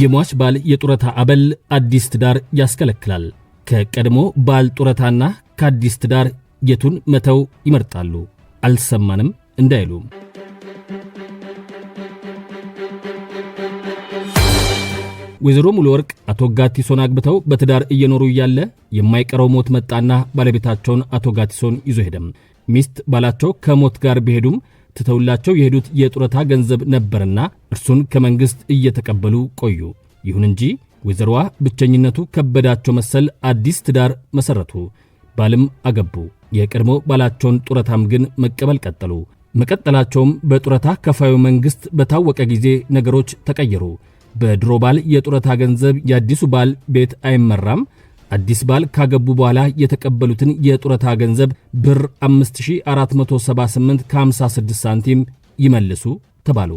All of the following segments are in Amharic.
የሟች ባል የጡረታ አበል አዲስ ትዳር ያስከለክላል። ከቀድሞ ባል ጡረታና ከአዲስ ትዳር የቱን መተው ይመርጣሉ? አልሰማንም እንዳይሉ ወይዘሮ ሙሉ ወርቅ አቶ ጋቲሶን አግብተው በትዳር እየኖሩ እያለ የማይቀረው ሞት መጣና ባለቤታቸውን አቶ ጋቲሶን ይዞ ሄደም። ሚስት ባላቸው ከሞት ጋር ቢሄዱም ትተውላቸው የሄዱት የጡረታ ገንዘብ ነበርና እርሱን ከመንግሥት እየተቀበሉ ቆዩ። ይሁን እንጂ ወይዘሮዋ ብቸኝነቱ ከበዳቸው መሰል አዲስ ትዳር መሠረቱ። ባልም አገቡ። የቀድሞ ባላቸውን ጡረታም ግን መቀበል ቀጠሉ። መቀጠላቸውም በጡረታ ከፋዩ መንግሥት በታወቀ ጊዜ ነገሮች ተቀየሩ። በድሮ ባል የጡረታ ገንዘብ የአዲሱ ባል ቤት አይመራም። አዲስ ባል ካገቡ በኋላ የተቀበሉትን የጡረታ ገንዘብ ብር 5478 ከ56 ሳንቲም ይመልሱ ተባሉ።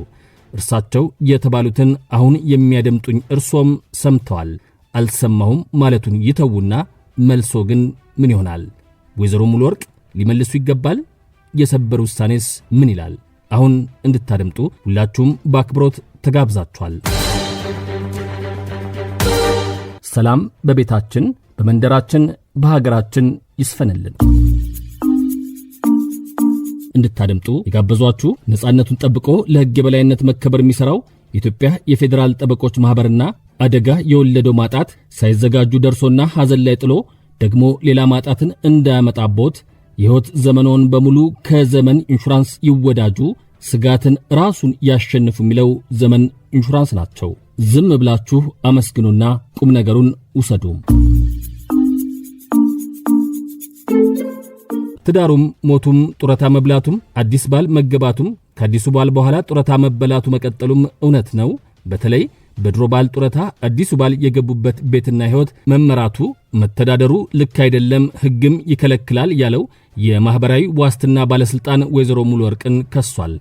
እርሳቸው የተባሉትን አሁን የሚያደምጡኝ እርሶም ሰምተዋል አልሰማሁም ማለቱን ይተዉና መልሶ ግን ምን ይሆናል? ወይዘሮ ሙሉ ወርቅ ሊመልሱ ይገባል? የሰበር ውሳኔስ ምን ይላል? አሁን እንድታደምጡ ሁላችሁም በአክብሮት ተጋብዛችኋል። ሰላም በቤታችን በመንደራችን በሀገራችን ይስፈንልን። እንድታደምጡ የጋበዟችሁ ነፃነቱን ጠብቆ ለሕግ የበላይነት መከበር የሚሠራው የኢትዮጵያ የፌዴራል ጠበቆች ማኅበርና አደጋ የወለደው ማጣት ሳይዘጋጁ ደርሶና ሐዘን ላይ ጥሎ ደግሞ ሌላ ማጣትን እንዳያመጣቦት የሕይወት ዘመኖን በሙሉ ከዘመን ኢንሹራንስ ይወዳጁ። ስጋትን ራሱን ያሸንፉ የሚለው ዘመን ኢንሹራንስ ናቸው። ዝም ብላችሁ አመስግኑና ቁም ነገሩን ውሰዱ። ትዳሩም ሞቱም ጡረታ መብላቱም አዲስ ባል መገባቱም ከአዲሱ ባል በኋላ ጡረታ መበላቱ መቀጠሉም እውነት ነው። በተለይ በድሮ ባል ጡረታ አዲሱ ባል የገቡበት ቤትና ሕይወት መመራቱ መተዳደሩ ልክ አይደለም፣ ሕግም ይከለክላል ያለው የማኅበራዊ ዋስትና ባለሥልጣን ወይዘሮ ሙሉ ወርቅን ከሷል።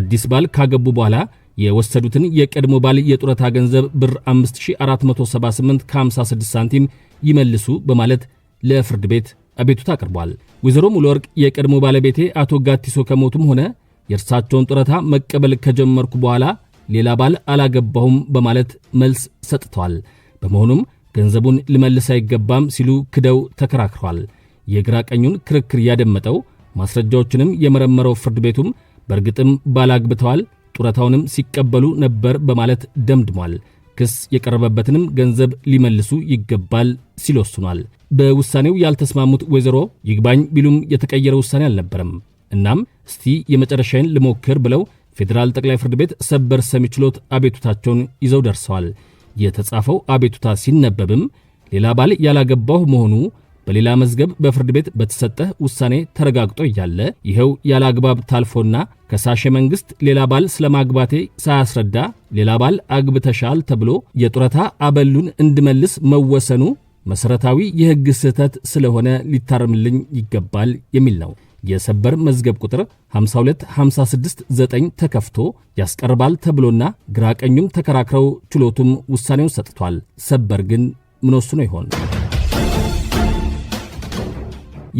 አዲስ ባል ካገቡ በኋላ የወሰዱትን የቀድሞ ባል የጡረታ ገንዘብ ብር 5478 ከ56 ሳንቲም ይመልሱ በማለት ለፍርድ ቤት አቤቱታ አቅርቧል። ወይዘሮ ሙሉወርቅ የቀድሞ ባለቤቴ አቶ ጋቲሶ ከሞቱም ሆነ የእርሳቸውን ጡረታ መቀበል ከጀመርኩ በኋላ ሌላ ባል አላገባሁም በማለት መልስ ሰጥተዋል። በመሆኑም ገንዘቡን ልመልስ አይገባም ሲሉ ክደው ተከራክሯል። የግራ ቀኙን ክርክር ያደመጠው ማስረጃዎችንም የመረመረው ፍርድ ቤቱም በእርግጥም ባላግብተዋል ጡረታውንም ሲቀበሉ ነበር በማለት ደምድሟል። ክስ የቀረበበትንም ገንዘብ ሊመልሱ ይገባል ሲል ወስኗል። በውሳኔው ያልተስማሙት ወይዘሮ ይግባኝ ቢሉም የተቀየረ ውሳኔ አልነበረም። እናም እስቲ የመጨረሻዬን ልሞክር ብለው ፌዴራል ጠቅላይ ፍርድ ቤት ሰበር ሰሚ ችሎት አቤቱታቸውን ይዘው ደርሰዋል። የተጻፈው አቤቱታ ሲነበብም ሌላ ባል ያላገባሁ መሆኑ በሌላ መዝገብ በፍርድ ቤት በተሰጠ ውሳኔ ተረጋግጦ እያለ ይኸው ያለ አግባብ ታልፎና ከሳሽ መንግሥት ሌላ ባል ስለማግባቴ ሳያስረዳ ሌላ ባል አግብተሻል ተብሎ የጡረታ አበሉን እንድመልስ መወሰኑ መሰረታዊ የሕግ ስህተት ስለሆነ ሊታረምልኝ ይገባል የሚል ነው። የሰበር መዝገብ ቁጥር 52569 ተከፍቶ ያስቀርባል ተብሎና ግራቀኙም ተከራክረው ችሎቱም ውሳኔውን ሰጥቷል። ሰበር ግን ምን ወስኖ ይሆን?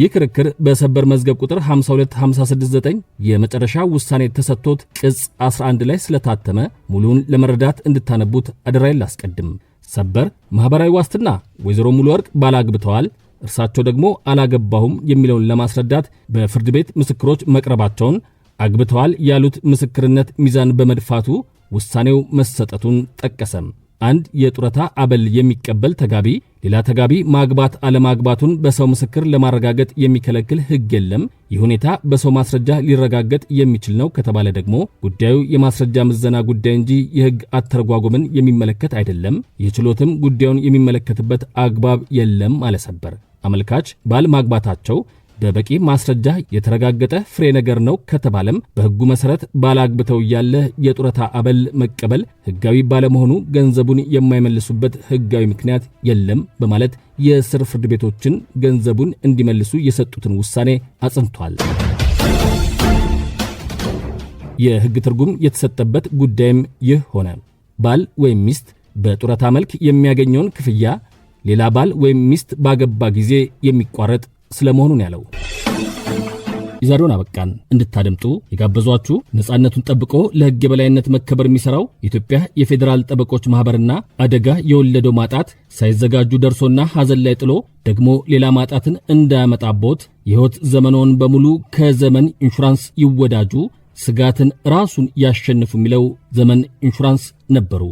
ይህ ክርክር በሰበር መዝገብ ቁጥር 52569 የመጨረሻ ውሳኔ ተሰጥቶት ቅጽ 11 ላይ ስለታተመ ሙሉውን ለመረዳት እንድታነቡት አደራይ ላስቀድም። ሰበር ማህበራዊ ዋስትና ወይዘሮ ሙሉ ወርቅ ባላግብተዋል እርሳቸው ደግሞ አላገባሁም የሚለውን ለማስረዳት በፍርድ ቤት ምስክሮች መቅረባቸውን አግብተዋል ያሉት ምስክርነት ሚዛን በመድፋቱ ውሳኔው መሰጠቱን ጠቀሰም። አንድ የጡረታ አበል የሚቀበል ተጋቢ ሌላ ተጋቢ ማግባት አለማግባቱን በሰው ምስክር ለማረጋገጥ የሚከለክል ሕግ የለም። ይህ ሁኔታ በሰው ማስረጃ ሊረጋገጥ የሚችል ነው ከተባለ ደግሞ ጉዳዩ የማስረጃ ምዘና ጉዳይ እንጂ የሕግ አተረጓጎምን የሚመለከት አይደለም። ይህ ችሎትም ጉዳዩን የሚመለከትበት አግባብ የለም አለሰበር አመልካች ባል ማግባታቸው በበቂ ማስረጃ የተረጋገጠ ፍሬ ነገር ነው ከተባለም በሕጉ መሠረት ባላግብተው እያለ የጡረታ አበል መቀበል ሕጋዊ ባለመሆኑ ገንዘቡን የማይመልሱበት ሕጋዊ ምክንያት የለም በማለት የስር ፍርድ ቤቶችን ገንዘቡን እንዲመልሱ የሰጡትን ውሳኔ አጽንቷል። የሕግ ትርጉም የተሰጠበት ጉዳይም ይህ ሆነ። ባል ወይም ሚስት በጡረታ መልክ የሚያገኘውን ክፍያ ሌላ ባል ወይም ሚስት ባገባ ጊዜ የሚቋረጥ ስለመሆኑን ያለው የዛሬውን አበቃን። እንድታደምጡ የጋበዟችሁ ነፃነቱን ጠብቆ ለሕግ የበላይነት መከበር የሚሰራው የኢትዮጵያ የፌዴራል ጠበቆች ማኅበርና አደጋ የወለደው ማጣት ሳይዘጋጁ ደርሶና ሐዘን ላይ ጥሎ ደግሞ ሌላ ማጣትን እንዳያመጣቦት የሕይወት ዘመኖን በሙሉ ከዘመን ኢንሹራንስ ይወዳጁ። ስጋትን ራሱን ያሸንፉ የሚለው ዘመን ኢንሹራንስ ነበሩ።